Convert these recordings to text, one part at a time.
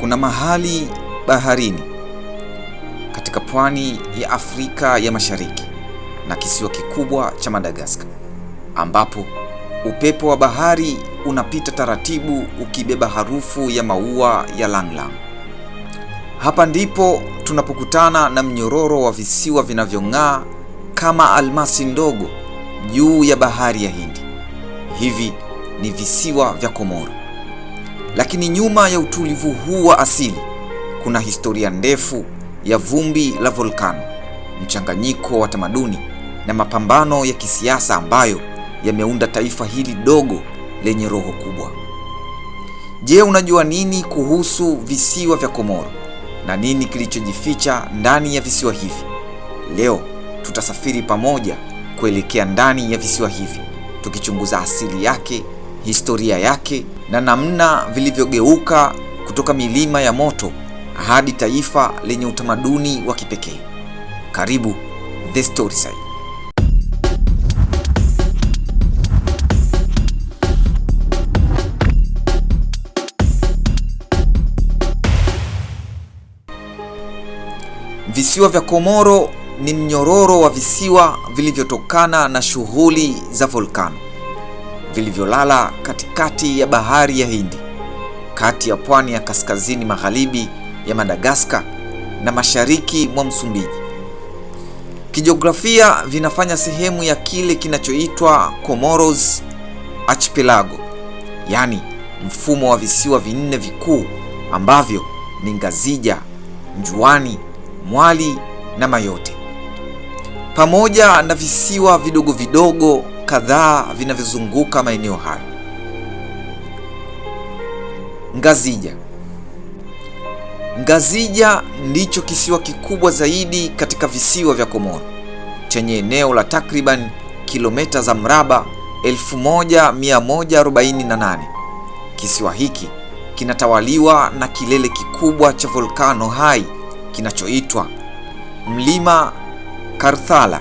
kuna mahali baharini katika pwani ya Afrika ya Mashariki na kisiwa kikubwa cha Madagaskar ambapo upepo wa bahari unapita taratibu ukibeba harufu ya maua ya langlang. Hapa ndipo tunapokutana na mnyororo wa visiwa vinavyong'aa kama almasi ndogo juu ya bahari ya Hindi. Hivi ni visiwa vya Komoro. Lakini nyuma ya utulivu huu wa asili kuna historia ndefu ya vumbi la volkano, mchanganyiko wa tamaduni na mapambano ya kisiasa ambayo yameunda taifa hili dogo lenye roho kubwa. Je, unajua nini kuhusu visiwa vya Komoro na nini kilichojificha ndani ya visiwa hivi? Leo tutasafiri pamoja kuelekea ndani ya visiwa hivi tukichunguza asili yake historia yake na namna vilivyogeuka kutoka milima ya moto hadi taifa lenye utamaduni wa kipekee. Karibu The Storyside. Visiwa vya Komoro ni mnyororo wa visiwa vilivyotokana na shughuli za volkano vilivyolala katikati ya bahari ya Hindi, kati ya pwani ya kaskazini magharibi ya Madagaskar na mashariki mwa Msumbiji. Kijiografia vinafanya sehemu ya kile kinachoitwa Comoros Archipelago, yaani mfumo wa visiwa vinne vikuu ambavyo ni Ngazija, Njuani, Mwali na Mayotte, pamoja na visiwa vidogo vidogo kadhaa vinavyozunguka maeneo hayo. Ngazija. Ngazija ndicho kisiwa kikubwa zaidi katika visiwa vya Komoro chenye eneo la takriban kilomita za mraba 1148. Kisiwa hiki kinatawaliwa na kilele kikubwa cha volkano hai kinachoitwa Mlima Karthala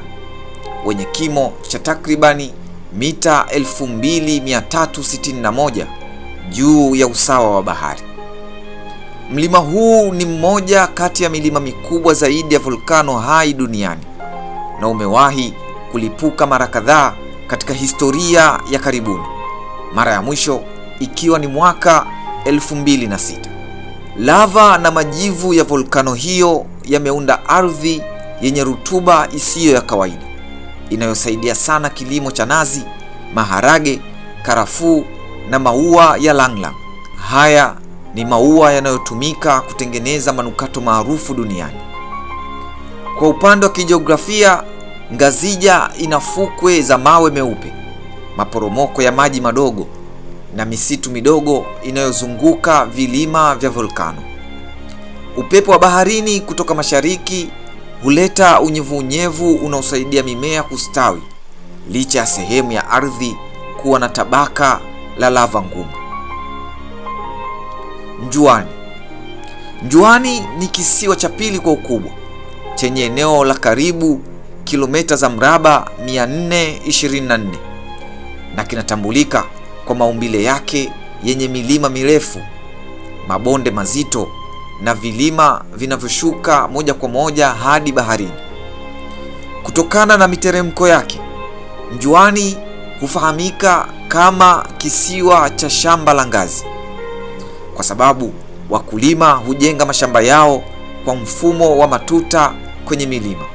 wenye kimo cha takribani mita 2361 juu ya usawa wa bahari. Mlima huu ni mmoja kati ya milima mikubwa zaidi ya volkano hai duniani na umewahi kulipuka mara kadhaa katika historia ya karibuni, mara ya mwisho ikiwa ni mwaka 2006. Lava na majivu ya volkano hiyo yameunda ardhi yenye rutuba isiyo ya kawaida inayosaidia sana kilimo cha nazi, maharage, karafuu na maua ya langlang. Haya ni maua yanayotumika kutengeneza manukato maarufu duniani. Kwa upande wa kijiografia, Ngazija ina fukwe za mawe meupe, maporomoko ya maji madogo na misitu midogo inayozunguka vilima vya volkano. Upepo wa baharini kutoka mashariki huleta unyevunyevu unaosaidia mimea kustawi licha ya sehemu ya ardhi kuwa na tabaka la lava ngumu. Njuani. Njuani ni kisiwa cha pili kwa ukubwa chenye eneo la karibu kilomita za mraba 424 na kinatambulika kwa maumbile yake yenye milima mirefu, mabonde mazito na vilima vinavyoshuka moja kwa moja hadi baharini. Kutokana na miteremko yake, njuani hufahamika kama kisiwa cha shamba la ngazi, kwa sababu wakulima hujenga mashamba yao kwa mfumo wa matuta kwenye milima.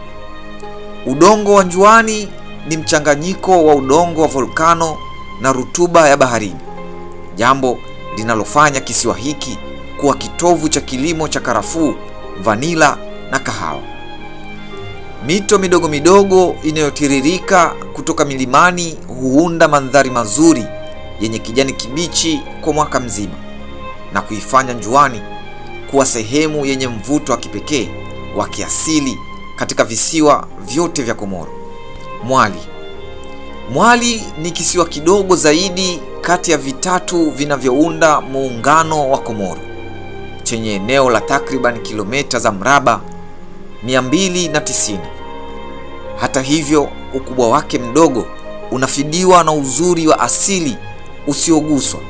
Udongo wa Njuani ni mchanganyiko wa udongo wa volkano na rutuba ya baharini, jambo linalofanya kisiwa hiki kuwa kitovu cha kilimo cha karafuu, vanila na kahawa. Mito midogo midogo inayotiririka kutoka milimani huunda mandhari mazuri yenye kijani kibichi kwa mwaka mzima na kuifanya Njuani kuwa sehemu yenye mvuto wa kipekee wa kiasili katika visiwa vyote vya Komoro. Mwali. Mwali ni kisiwa kidogo zaidi kati ya vitatu vinavyounda muungano wa Komoro chenye eneo la takriban kilomita za mraba 290. Hata hivyo, ukubwa wake mdogo unafidiwa na uzuri wa asili usioguswa.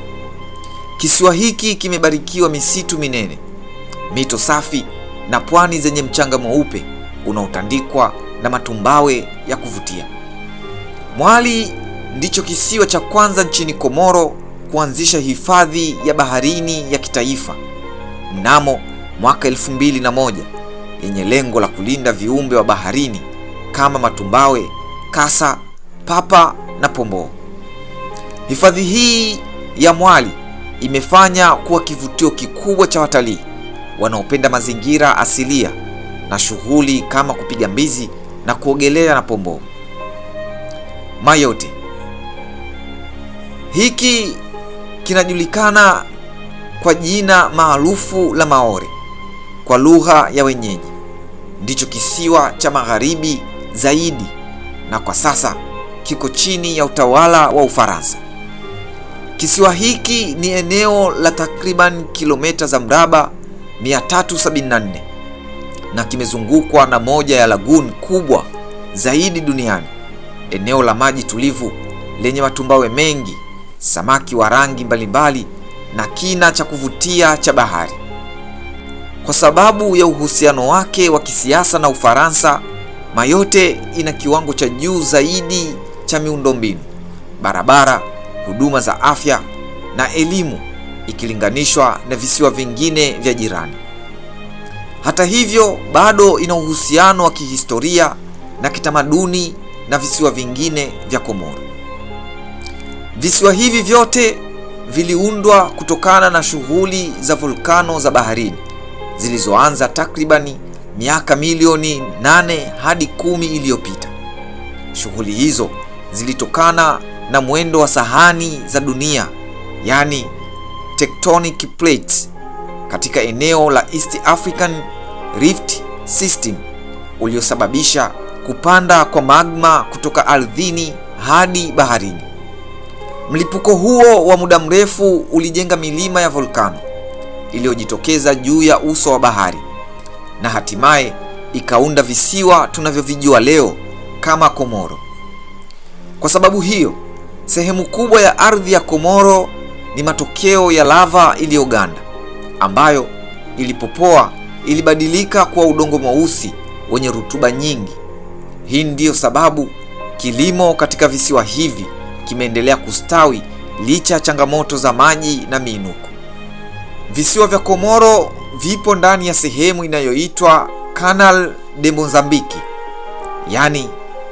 Kisiwa hiki kimebarikiwa misitu minene, mito safi na pwani zenye mchanga mweupe unaotandikwa na matumbawe ya kuvutia. Mwali ndicho kisiwa cha kwanza nchini Komoro kuanzisha hifadhi ya baharini ya kitaifa mnamo mwaka moja yenye lengo la kulinda viumbe wa baharini kama matumbawe, kasa, papa na pomboo. Hifadhi hii ya Mwali imefanya kuwa kivutio kikubwa cha watalii wanaopenda mazingira asilia na shughuli kama kupiga mbizi na kuogelea na pomboo. Mayote hiki kinajulikana kwa jina maarufu la Maori kwa lugha ya wenyeji, ndicho kisiwa cha magharibi zaidi na kwa sasa kiko chini ya utawala wa Ufaransa. Kisiwa hiki ni eneo la takriban kilomita za mraba 374 na kimezungukwa na moja ya lagoon kubwa zaidi duniani, eneo la maji tulivu lenye matumbawe mengi, samaki wa rangi mbalimbali na kina cha kuvutia cha bahari. Kwa sababu ya uhusiano wake wa kisiasa na Ufaransa, Mayotte ina kiwango cha juu zaidi cha miundombinu, barabara, huduma za afya na elimu ikilinganishwa na visiwa vingine vya jirani. Hata hivyo, bado ina uhusiano wa kihistoria na kitamaduni na visiwa vingine vya Komoro. Visiwa hivi vyote viliundwa kutokana na shughuli za volkano za baharini zilizoanza takribani miaka milioni nane hadi kumi iliyopita. Shughuli hizo zilitokana na mwendo wa sahani za dunia, yani tectonic plates, katika eneo la East African Rift System uliosababisha kupanda kwa magma kutoka ardhini hadi baharini. Mlipuko huo wa muda mrefu ulijenga milima ya volkano iliyojitokeza juu ya uso wa bahari na hatimaye ikaunda visiwa tunavyovijua leo kama Komoro. Kwa sababu hiyo, sehemu kubwa ya ardhi ya Komoro ni matokeo ya lava iliyoganda ambayo ilipopoa ilibadilika kuwa udongo mweusi wenye rutuba nyingi. Hii ndiyo sababu kilimo katika visiwa hivi kimeendelea kustawi licha ya changamoto za maji na miinuko. Visiwa vya Komoro vipo ndani ya sehemu inayoitwa Canal de Mozambique, yaani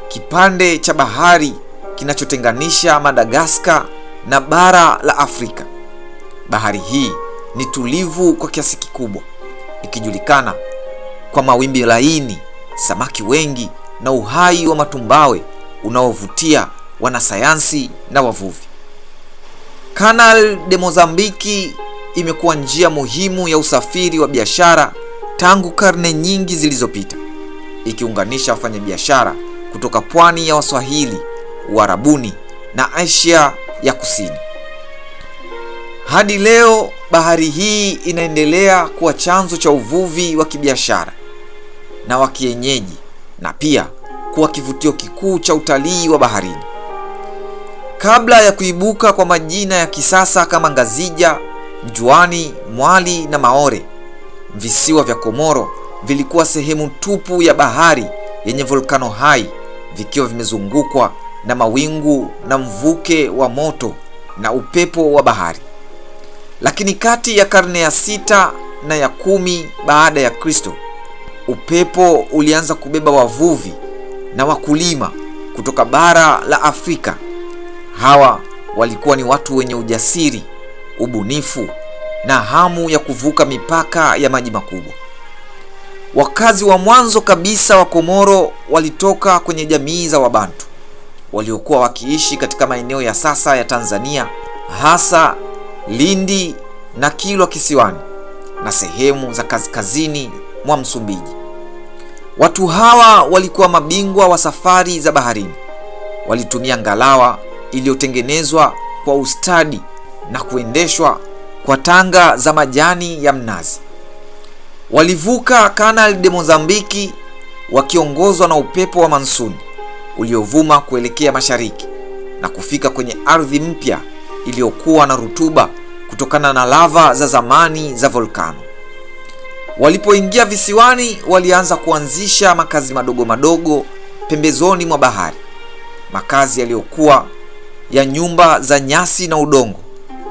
kipande cha bahari kinachotenganisha Madagaskar na bara la Afrika. Bahari hii ni tulivu kwa kiasi kikubwa, ikijulikana kwa mawimbi laini, samaki wengi na uhai wa matumbawe unaovutia wanasayansi na wavuvi. Canal de Mozambiki imekuwa njia muhimu ya usafiri wa biashara tangu karne nyingi zilizopita, ikiunganisha wafanyabiashara kutoka pwani ya Waswahili, Uarabuni na Asia ya Kusini. Hadi leo bahari hii inaendelea kuwa chanzo cha uvuvi wa kibiashara na wa kienyeji na pia kuwa kivutio kikuu cha utalii wa baharini. Kabla ya kuibuka kwa majina ya kisasa kama Ngazija, njuani Mwali na Maore, visiwa vya Komoro vilikuwa sehemu tupu ya bahari yenye volkano hai, vikiwa vimezungukwa na mawingu na mvuke wa moto na upepo wa bahari. Lakini kati ya karne ya sita na ya kumi baada ya Kristo, upepo ulianza kubeba wavuvi na wakulima kutoka bara la Afrika Hawa walikuwa ni watu wenye ujasiri, ubunifu na hamu ya kuvuka mipaka ya maji makubwa. Wakazi wa mwanzo kabisa wa Komoro walitoka kwenye jamii za Wabantu waliokuwa wakiishi katika maeneo ya sasa ya Tanzania, hasa Lindi na Kilwa Kisiwani na sehemu za kaskazini mwa Msumbiji. Watu hawa walikuwa mabingwa wa safari za baharini. Walitumia ngalawa iliyotengenezwa kwa ustadi na kuendeshwa kwa tanga za majani ya mnazi. Walivuka Canal de Mozambiki wakiongozwa na upepo wa mansuni uliovuma kuelekea mashariki na kufika kwenye ardhi mpya iliyokuwa na rutuba kutokana na lava za zamani za volkano. Walipoingia visiwani, walianza kuanzisha makazi madogo madogo pembezoni mwa bahari, makazi yaliyokuwa ya nyumba za nyasi na udongo,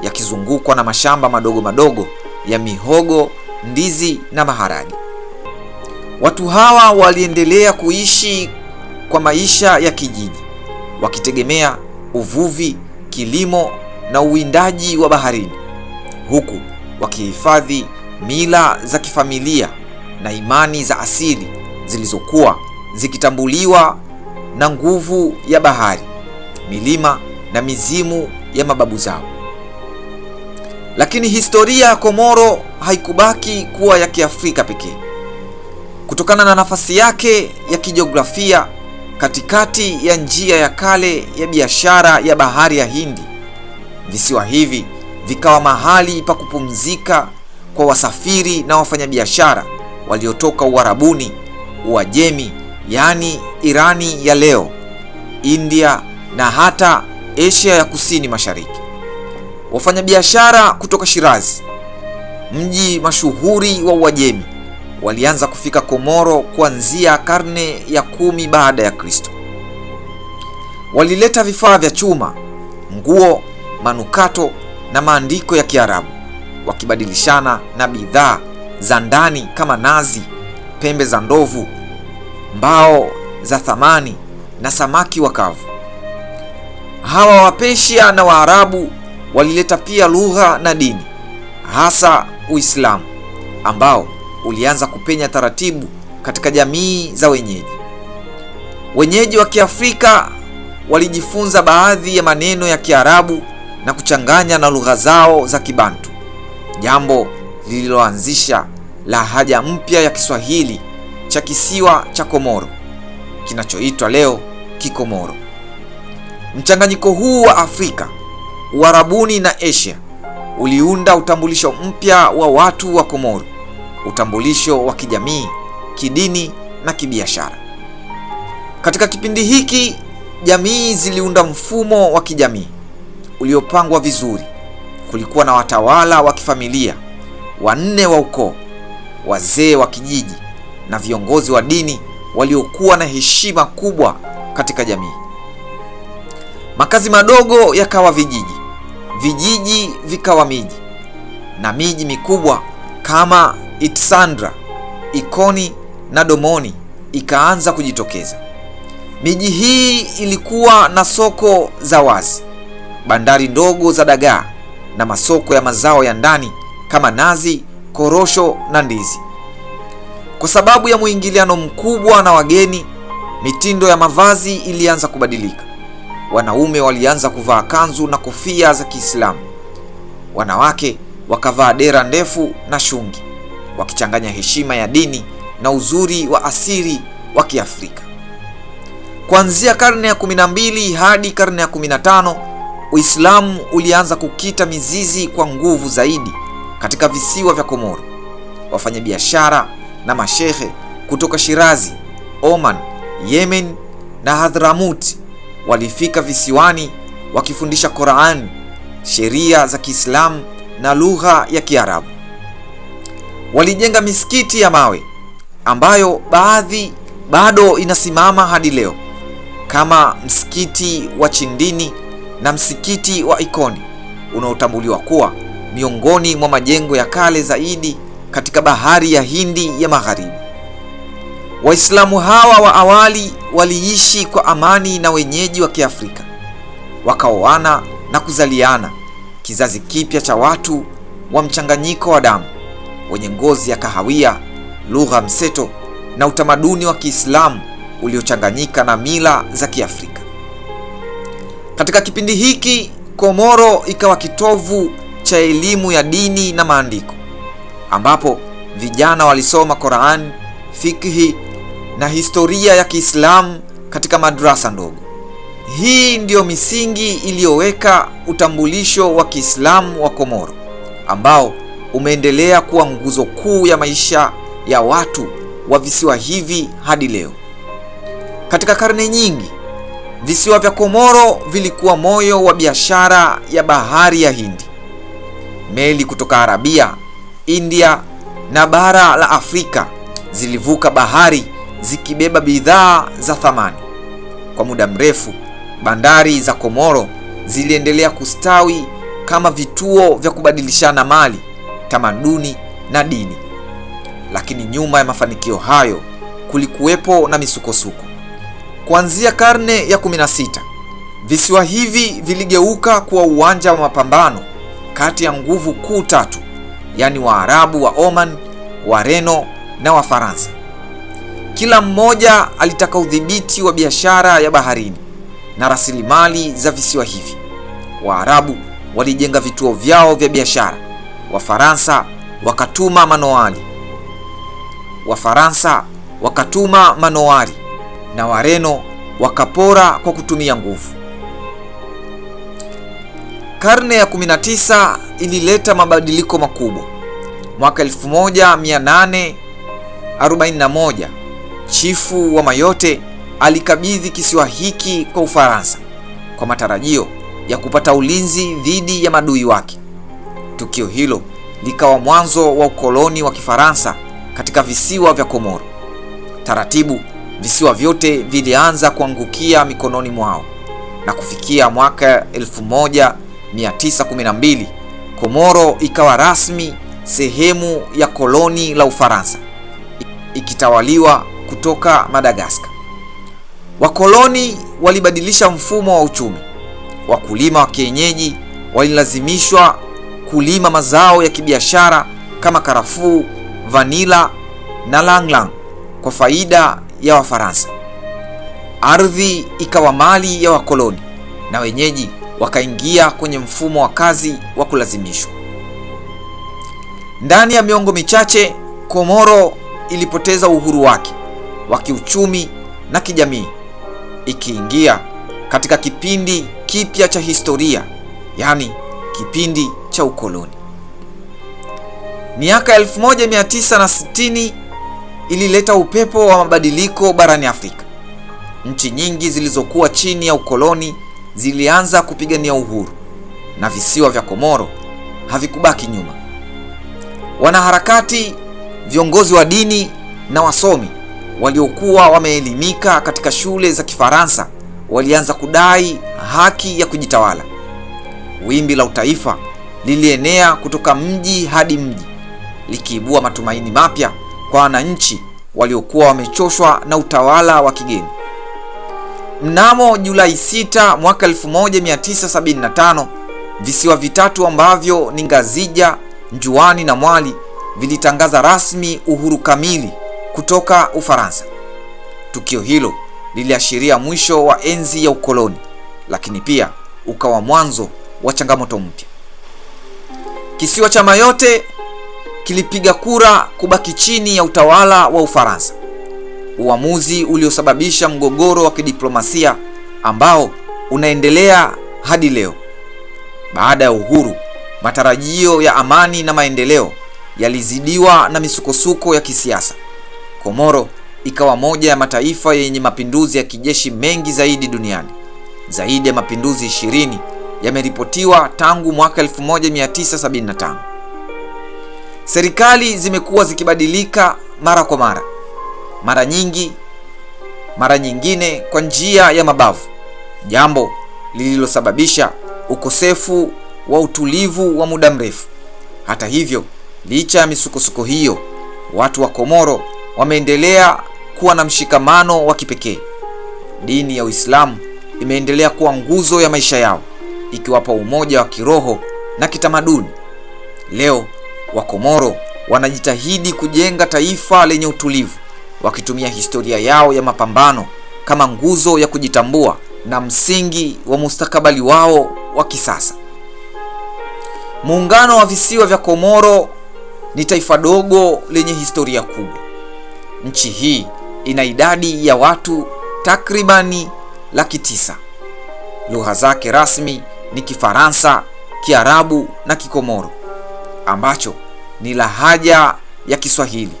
yakizungukwa na mashamba madogo madogo ya mihogo, ndizi na maharage. Watu hawa waliendelea kuishi kwa maisha ya kijiji, wakitegemea uvuvi, kilimo na uwindaji wa baharini, huku wakihifadhi mila za kifamilia na imani za asili zilizokuwa zikitambuliwa na nguvu ya bahari, milima na mizimu ya mababu zao. Lakini historia ya Komoro haikubaki kuwa ya Kiafrika pekee. Kutokana na nafasi yake ya kijiografia katikati ya njia ya kale ya biashara ya bahari ya Hindi, visiwa hivi vikawa mahali pa kupumzika kwa wasafiri na wafanyabiashara waliotoka Uarabuni, Uajemi, yaani Irani ya leo, India na hata Asia ya Kusini Mashariki. Wafanyabiashara kutoka Shirazi, mji mashuhuri wa Uajemi, walianza kufika Komoro kuanzia karne ya kumi baada ya Kristo. Walileta vifaa vya chuma, nguo, manukato na maandiko ya Kiarabu, wakibadilishana na bidhaa za ndani kama nazi, pembe za ndovu, mbao za thamani na samaki wakavu. Hawa Wapeshia na Waarabu walileta pia lugha na dini, hasa Uislamu ambao ulianza kupenya taratibu katika jamii za wenyeji. Wenyeji wa Kiafrika walijifunza baadhi ya maneno ya Kiarabu na kuchanganya na lugha zao za Kibantu, jambo lililoanzisha lahaja mpya ya Kiswahili cha kisiwa cha Komoro kinachoitwa leo Kikomoro. Mchanganyiko huu wa Afrika, Uarabuni na Asia uliunda utambulisho mpya wa watu wa Komoro, utambulisho wa kijamii, kidini na kibiashara. Katika kipindi hiki, jamii ziliunda mfumo wa kijamii uliopangwa vizuri. Kulikuwa na watawala wa kifamilia, wanne wa ukoo, wazee wa kijiji na viongozi wa dini waliokuwa na heshima kubwa katika jamii. Makazi madogo yakawa vijiji, vijiji vikawa miji, na miji mikubwa kama Itsandra, Ikoni na Domoni ikaanza kujitokeza. Miji hii ilikuwa na soko za wazi, bandari ndogo za dagaa na masoko ya mazao ya ndani kama nazi, korosho na ndizi. Kwa sababu ya mwingiliano mkubwa na wageni, mitindo ya mavazi ilianza kubadilika wanaume walianza kuvaa kanzu na kofia za Kiislamu, wanawake wakavaa dera ndefu na shungi, wakichanganya heshima ya dini na uzuri wa asili wa Kiafrika. Kuanzia karne ya 12 hadi karne ya 15, Uislamu ulianza kukita mizizi kwa nguvu zaidi katika visiwa vya Komoro. Wafanyabiashara na mashehe kutoka Shirazi, Oman, Yemen na Hadhramuti Walifika visiwani wakifundisha Qur'an, sheria za Kiislamu na lugha ya Kiarabu. Walijenga misikiti ya mawe ambayo baadhi bado inasimama hadi leo kama msikiti wa Chindini na msikiti wa Ikoni unaotambuliwa kuwa miongoni mwa majengo ya kale zaidi katika bahari ya Hindi ya Magharibi. Waislamu hawa wa awali waliishi kwa amani na wenyeji wa Kiafrika, wakaoana na kuzaliana kizazi kipya cha watu wa mchanganyiko wa damu wenye ngozi ya kahawia, lugha mseto na utamaduni wa Kiislamu uliochanganyika na mila za Kiafrika. Katika kipindi hiki, Komoro ikawa kitovu cha elimu ya dini na maandiko, ambapo vijana walisoma Qur'an, fikhi na historia ya Kiislamu katika madrasa ndogo. Hii ndiyo misingi iliyoweka utambulisho wa Kiislamu wa Komoro ambao umeendelea kuwa nguzo kuu ya maisha ya watu wa visiwa hivi hadi leo. Katika karne nyingi, visiwa vya Komoro vilikuwa moyo wa biashara ya bahari ya Hindi. Meli kutoka Arabia, India na bara la Afrika zilivuka bahari zikibeba bidhaa za thamani. Kwa muda mrefu, bandari za Komoro ziliendelea kustawi kama vituo vya kubadilishana mali, tamaduni na dini. Lakini nyuma ya mafanikio hayo kulikuwepo na misukosuko. Kuanzia karne ya 16, visiwa hivi viligeuka kuwa uwanja wa mapambano kati ya nguvu kuu tatu, yaani Waarabu wa Oman, Wareno na Wafaransa. Kila mmoja alitaka udhibiti wa biashara ya baharini na rasilimali za visiwa hivi. Waarabu walijenga vituo vyao vya biashara, Wafaransa wakatuma manoali Wafaransa wakatuma manoari na Wareno wakapora kwa kutumia nguvu. Karne ya 19 ilileta mabadiliko makubwa. Mwaka 1841 chifu wa Mayotte alikabidhi kisiwa hiki kwa Ufaransa kwa matarajio ya kupata ulinzi dhidi ya maadui wake. Tukio hilo likawa mwanzo wa ukoloni wa Kifaransa katika visiwa vya Komoro. Taratibu visiwa vyote vilianza kuangukia mikononi mwao na kufikia mwaka 1912 Komoro ikawa rasmi sehemu ya koloni la Ufaransa ikitawaliwa kutoka Madagaskar. Wakoloni walibadilisha mfumo wa uchumi. Wakulima wa kienyeji walilazimishwa kulima mazao ya kibiashara kama karafuu, vanila na langlang kwa faida ya Wafaransa. Ardhi ikawa mali ya wakoloni na wenyeji wakaingia kwenye mfumo wa kazi wa kulazimishwa. Ndani ya miongo michache, Komoro ilipoteza uhuru wake wa kiuchumi na kijamii, ikiingia katika kipindi kipya cha historia, yaani kipindi cha ukoloni. Miaka 1960 ilileta upepo wa mabadiliko barani Afrika. Nchi nyingi zilizokuwa chini ya ukoloni zilianza kupigania uhuru na visiwa vya Komoro havikubaki nyuma. Wanaharakati, viongozi wa dini na wasomi waliokuwa wameelimika katika shule za Kifaransa walianza kudai haki ya kujitawala. Wimbi la utaifa lilienea kutoka mji hadi mji likiibua matumaini mapya kwa wananchi waliokuwa wamechoshwa na utawala wa kigeni. Mnamo Julai 6 mwaka 1975, visiwa vitatu ambavyo ni Ngazija, Njuani na Mwali vilitangaza rasmi uhuru kamili kutoka Ufaransa. Tukio hilo liliashiria mwisho wa enzi ya ukoloni, lakini pia ukawa mwanzo wa changamoto mpya. Kisiwa cha Mayotte kilipiga kura kubaki chini ya utawala wa Ufaransa, uamuzi uliosababisha mgogoro wa kidiplomasia ambao unaendelea hadi leo. Baada ya uhuru, matarajio ya amani na maendeleo yalizidiwa na misukosuko ya kisiasa, Komoro ikawa moja ya mataifa yenye mapinduzi ya kijeshi mengi zaidi duniani. Zaidi ya mapinduzi 20 yameripotiwa tangu mwaka 1975. Serikali zimekuwa zikibadilika mara kwa mara, mara nyingi, mara nyingine kwa njia ya mabavu, jambo lililosababisha ukosefu wa utulivu wa muda mrefu. Hata hivyo, licha ya misukosuko hiyo, watu wa Komoro wameendelea kuwa na mshikamano wa kipekee. Dini ya Uislamu imeendelea kuwa nguzo ya maisha yao, ikiwapa umoja wa kiroho na kitamaduni. Leo Wakomoro wanajitahidi kujenga taifa lenye utulivu, wakitumia historia yao ya mapambano kama nguzo ya kujitambua na msingi wa mustakabali wao wa kisasa. Muungano wa visiwa vya Komoro ni taifa dogo lenye historia kubwa Nchi hii ina idadi ya watu takribani laki tisa. Lugha zake rasmi ni Kifaransa, Kiarabu na Kikomoro ambacho ni lahaja ya Kiswahili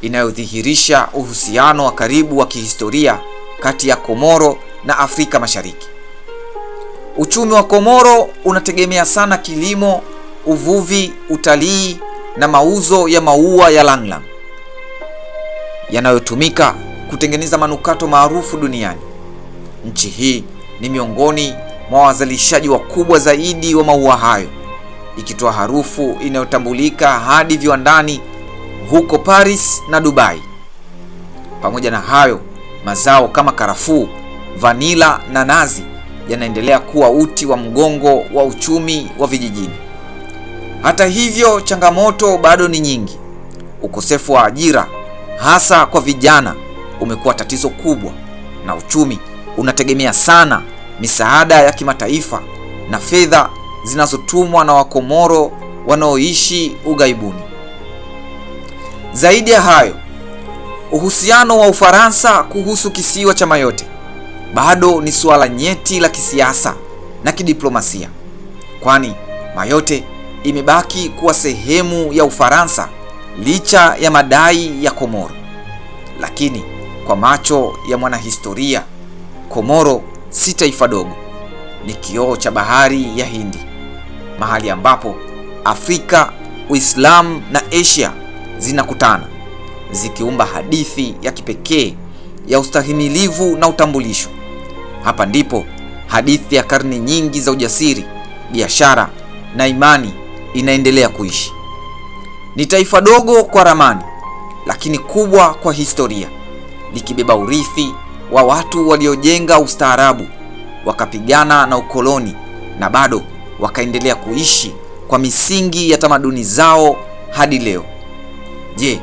inayodhihirisha uhusiano wa karibu wa kihistoria kati ya Komoro na Afrika Mashariki. Uchumi wa Komoro unategemea sana kilimo, uvuvi, utalii na mauzo ya maua ya langlang yanayotumika kutengeneza manukato maarufu duniani. Nchi hii ni miongoni mwa wazalishaji wakubwa zaidi wa maua hayo, ikitoa harufu inayotambulika hadi viwandani huko Paris na Dubai. Pamoja na hayo, mazao kama karafuu, vanila na nazi yanaendelea kuwa uti wa mgongo wa uchumi wa vijijini. Hata hivyo, changamoto bado ni nyingi: ukosefu wa ajira hasa kwa vijana umekuwa tatizo kubwa, na uchumi unategemea sana misaada ya kimataifa na fedha zinazotumwa na Wakomoro wanaoishi ughaibuni. Zaidi ya hayo, uhusiano wa Ufaransa kuhusu kisiwa cha Mayotte bado ni suala nyeti la kisiasa na kidiplomasia, kwani Mayotte imebaki kuwa sehemu ya Ufaransa licha ya madai ya Komoro. Lakini kwa macho ya mwanahistoria, Komoro si taifa dogo, ni kioo cha bahari ya Hindi, mahali ambapo Afrika, Uislamu na Asia zinakutana, zikiumba hadithi ya kipekee ya ustahimilivu na utambulisho. Hapa ndipo hadithi ya karne nyingi za ujasiri, biashara na imani inaendelea kuishi. Ni taifa dogo kwa ramani, lakini kubwa kwa historia, likibeba urithi wa watu waliojenga ustaarabu, wakapigana na ukoloni na bado wakaendelea kuishi kwa misingi ya tamaduni zao hadi leo. Je,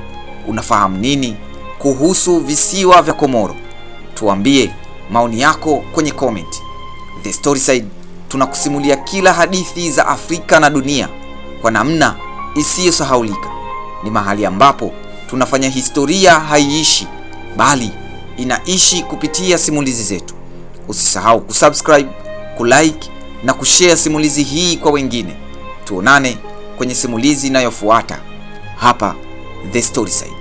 unafahamu nini kuhusu visiwa vya Komoro? Tuambie maoni yako kwenye comment. The Storyside tunakusimulia kila hadithi za Afrika na dunia kwa namna isiyosahaulika. Ni mahali ambapo tunafanya historia haiishi, bali inaishi kupitia simulizi zetu. Usisahau kusubscribe, kulike na kushare simulizi hii kwa wengine. Tuonane kwenye simulizi inayofuata hapa The Storyside.